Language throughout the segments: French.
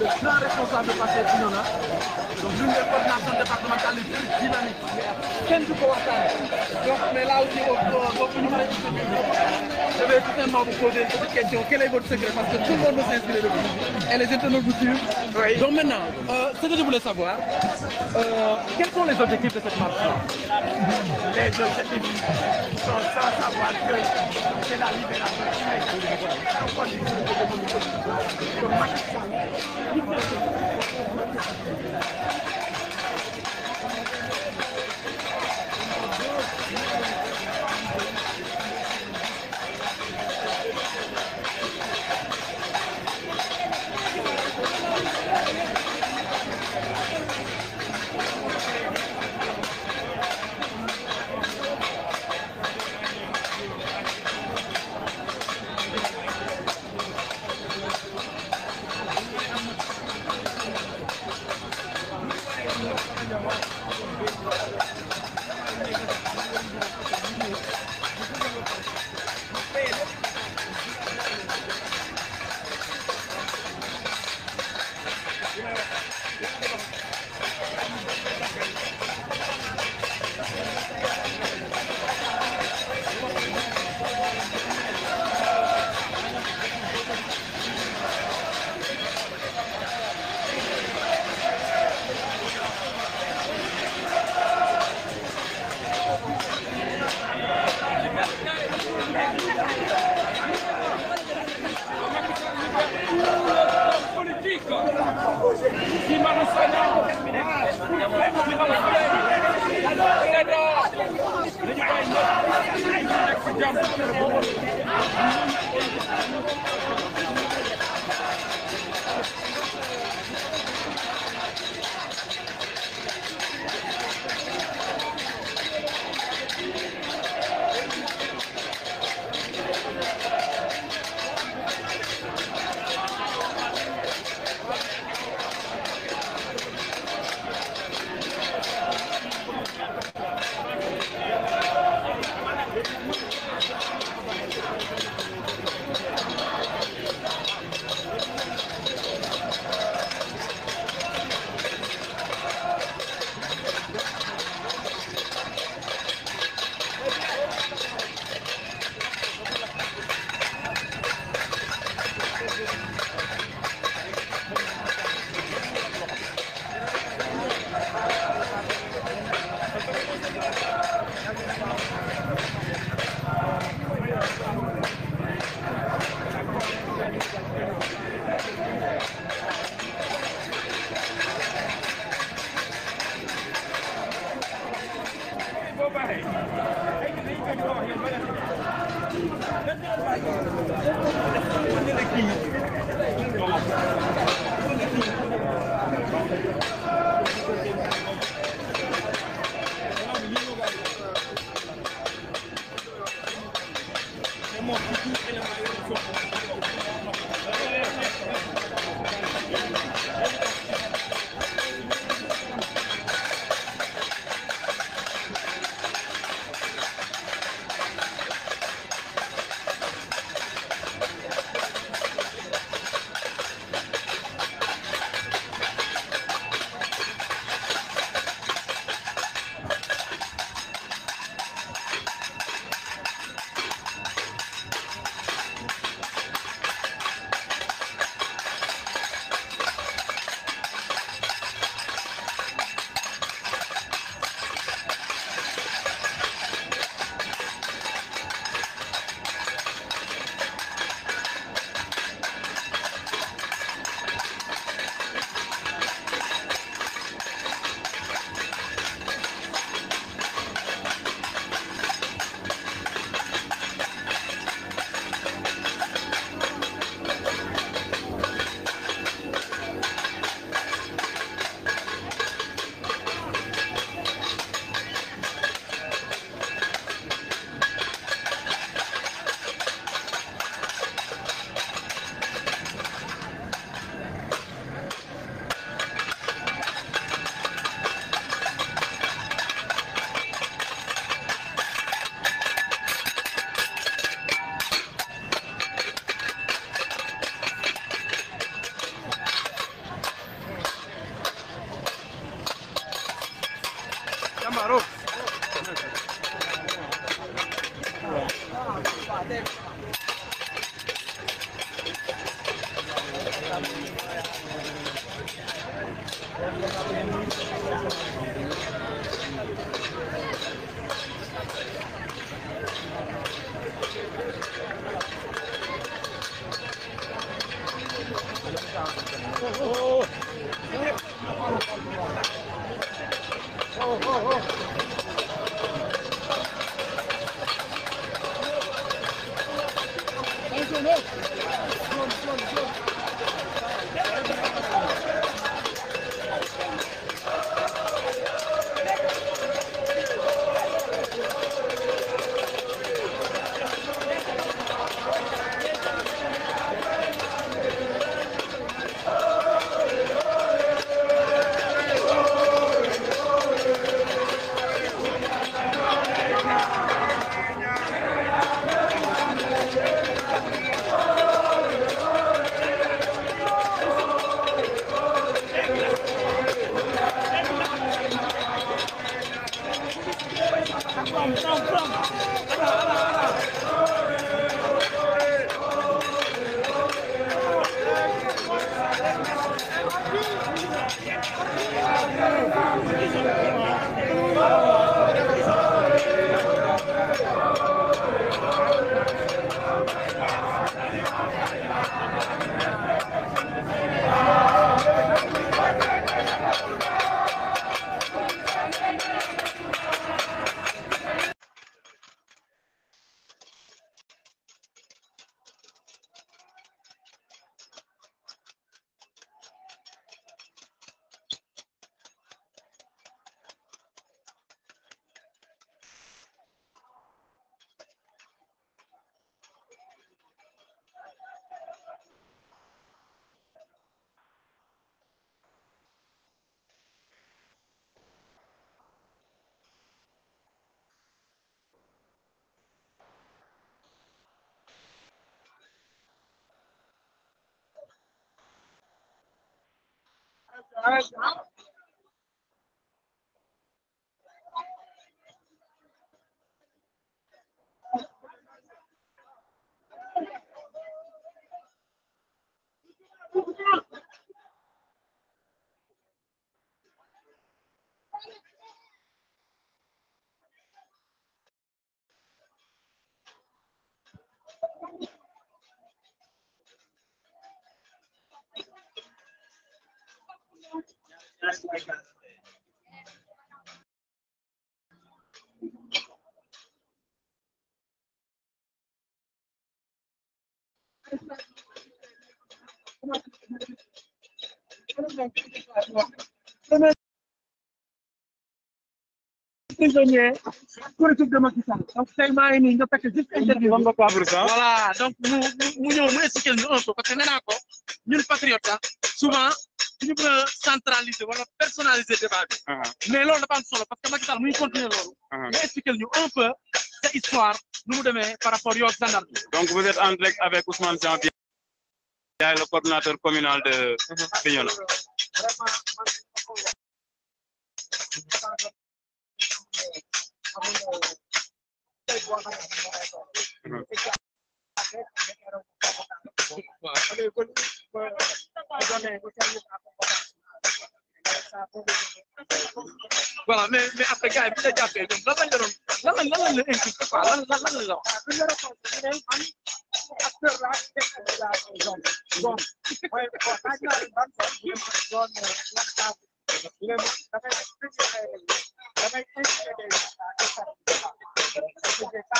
le grand responsable de passer ci là. donc l'une des départementale départementales les plus dynamiques kenn du donc mais là aussi nous mën a gis je vais simplement vous poser une petite question quel est votre secret parce que tout le monde a inspiré de vous et les internautes vous suivent donc maintenant euh, ce que je voulais savoir euh, quels sont les objectifs de cette marche les objectifs sans savoir que c'est la libération Gelin hop. Dur dur dur. 哎。just like us. prisonniers politique de Macky Sall donc tey maa ngi nii nga fekk juste interview nga ko abri ça voilà donc mu un Nous voulons centraliser wala personnaliser débat bi. Ah. mais loolu pas am solo parce que Macky Sall muy continuer loolu. mais ah. expliquer ñu un peu sa histoire nu mu demee par rapport à standard bi. donc vous êtes en direct avec Ousmane Jean Pierre. yaay le coordinateur communal de Bignona. Ano yun? Kung ano yun? Wala, may, may apay ka, may sadya ka. Yung laman yun, laman, laman yun, yung kito pa, laman, laman yun.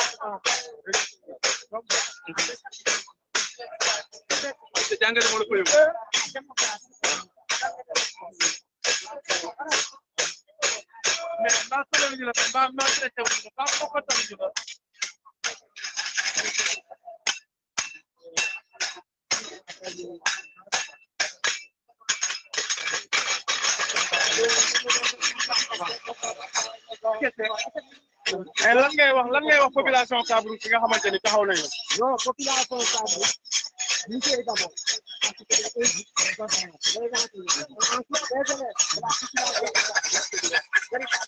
Thank you. jàngale wala koy mais mbaa sori ñu la mbaa mbaa traité wu ñu la mbaa xoxatal ñu la mais lan ngay wax lan ngay wax population Kabrousse bi nga xamante ni taxaw nañu. non population Kabrousse bi ñu koy d'abord Thank you.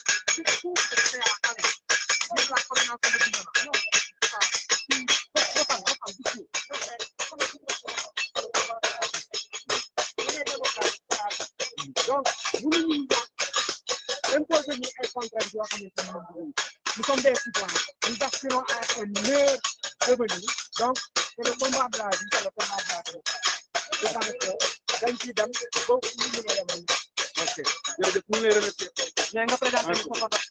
nañu ay contraintes yoo xamante ne moom nous sommes des citoyens nous aspirons à un meilleur avenir donc c'est le combat de la vie c'est le de la vie je pense que dañ ba ñu mën a ok jërëjëf ñu ngi lay remercier. mais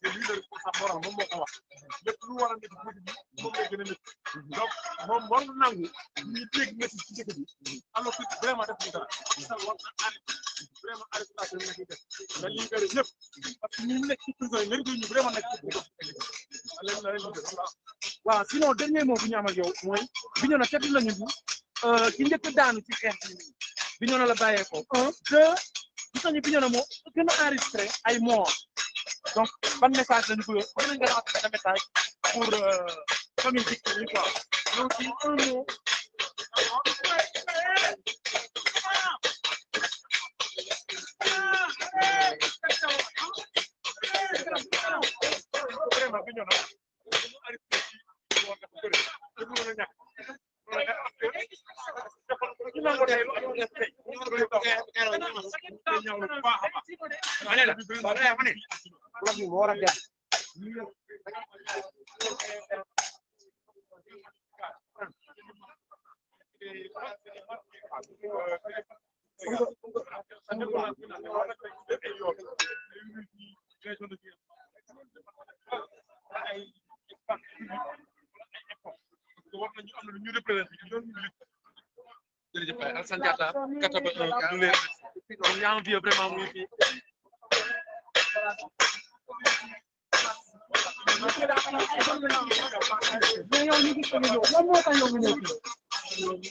te leader pour sa morom moom moo ko wax lépp lu war a métti politique bi moom lay gën a métti donc moom war na nangu ñuy dégg yow mooy bi ñu ne ket la ñu bu ki njëkk daanu ci xeex bi ñu ne la bàyyeekoo un deux gis moo gën a enregistré ay morts donc pas de message de nouveau. On va nga message pour famille victime un mot ela me mora de war nañu am One more time over there. Mm-hmm.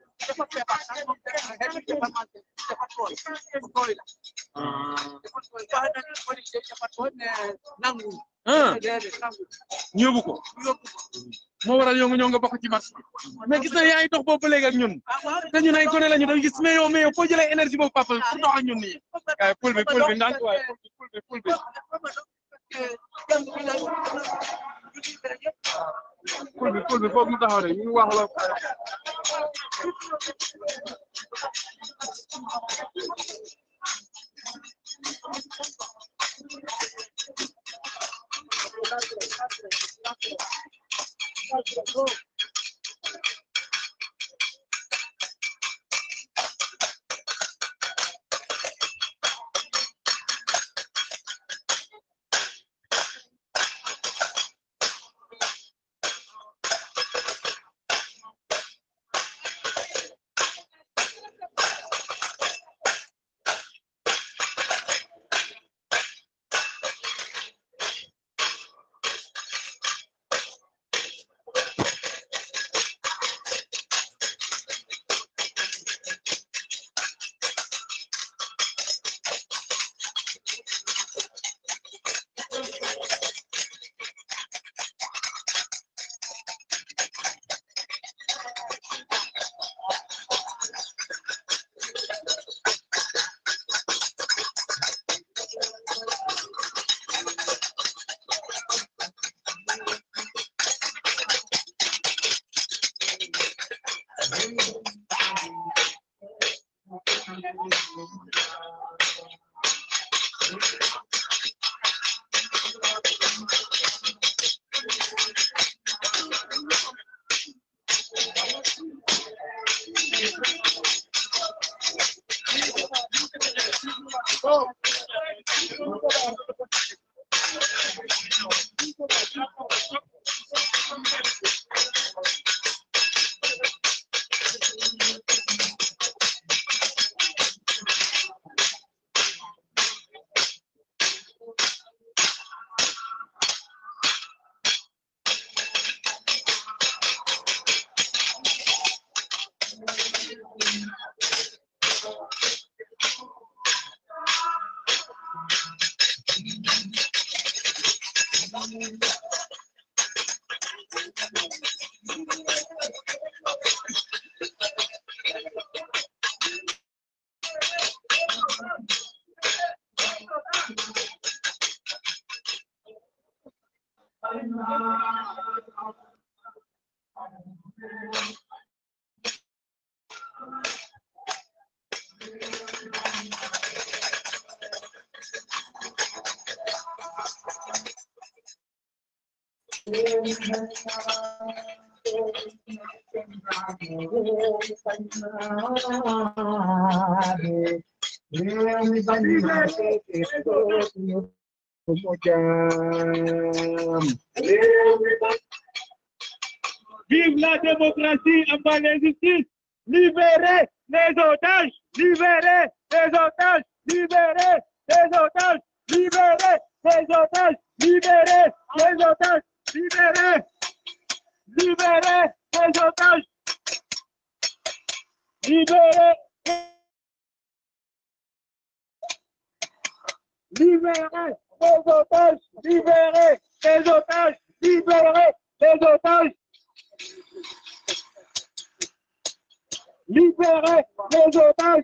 dafa feebar sax moom dafa feebar man dafa tooy tooy la dafa ko yóbbu ko moo waral yow nga ñëw nga bokk ci match mais gis na yaa ngi dox boobu ba léegi ak ñun te ñun ay gone lañu gis mais yow mais yow foo jëlee énergie boobu papa pour dox ak ñun nii waaye pul bi pul bi ndànk waaye pul bi pul bi Tudo, tudo, vou mudar agora. E o arlo. Thank you. Vive la démocratie en bas les Libérez les otages. Libérez les otages. Libérez les otages. Libérez les otages. Libérez les otages. Libérez Libérez les otages Libérez Libérez les otages Libérez les otages Libérez les otages Libérez les otages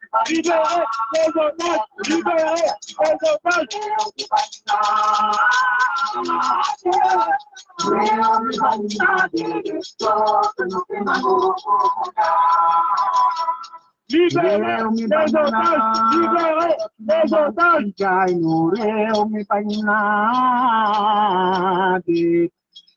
liberar, exaltar, liberar, exaltar. Meu me vai dar destroço no primeiro Liberar, exaltar, liberar, exaltar. Cai no meu, me vai dar destroço.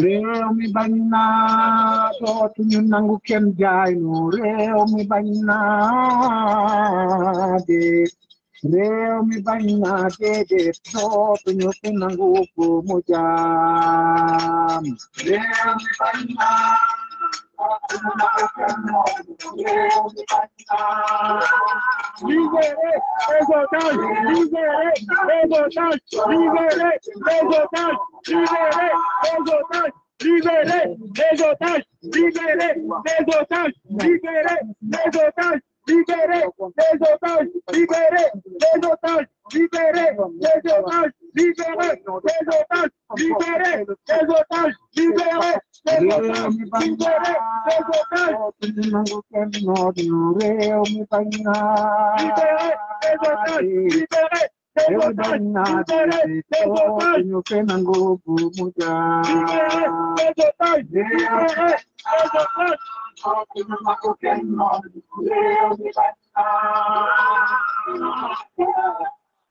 Reo mi banna to tunyu nangu jai no reo mi banna de reo mi banna de de to tunyu nangu ko mujam reo mi banna liberé, liberé, liberé, liberé, libérez les otages, Thank you.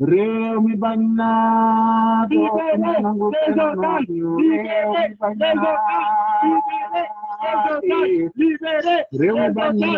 Remi banna do nangu Remi banna banna banna banna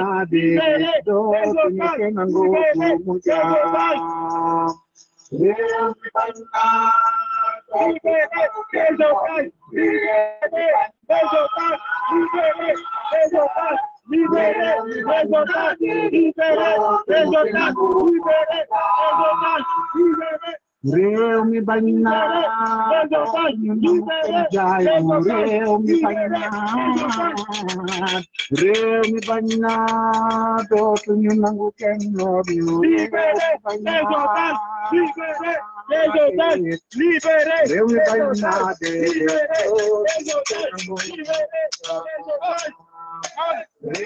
liberei, exaltar, liberei, exaltar, liberei, exaltar, liberei. Morreu me banhar, já morreu me banhar, morreu me banhar, do sonho não quer me banhar, Everybody,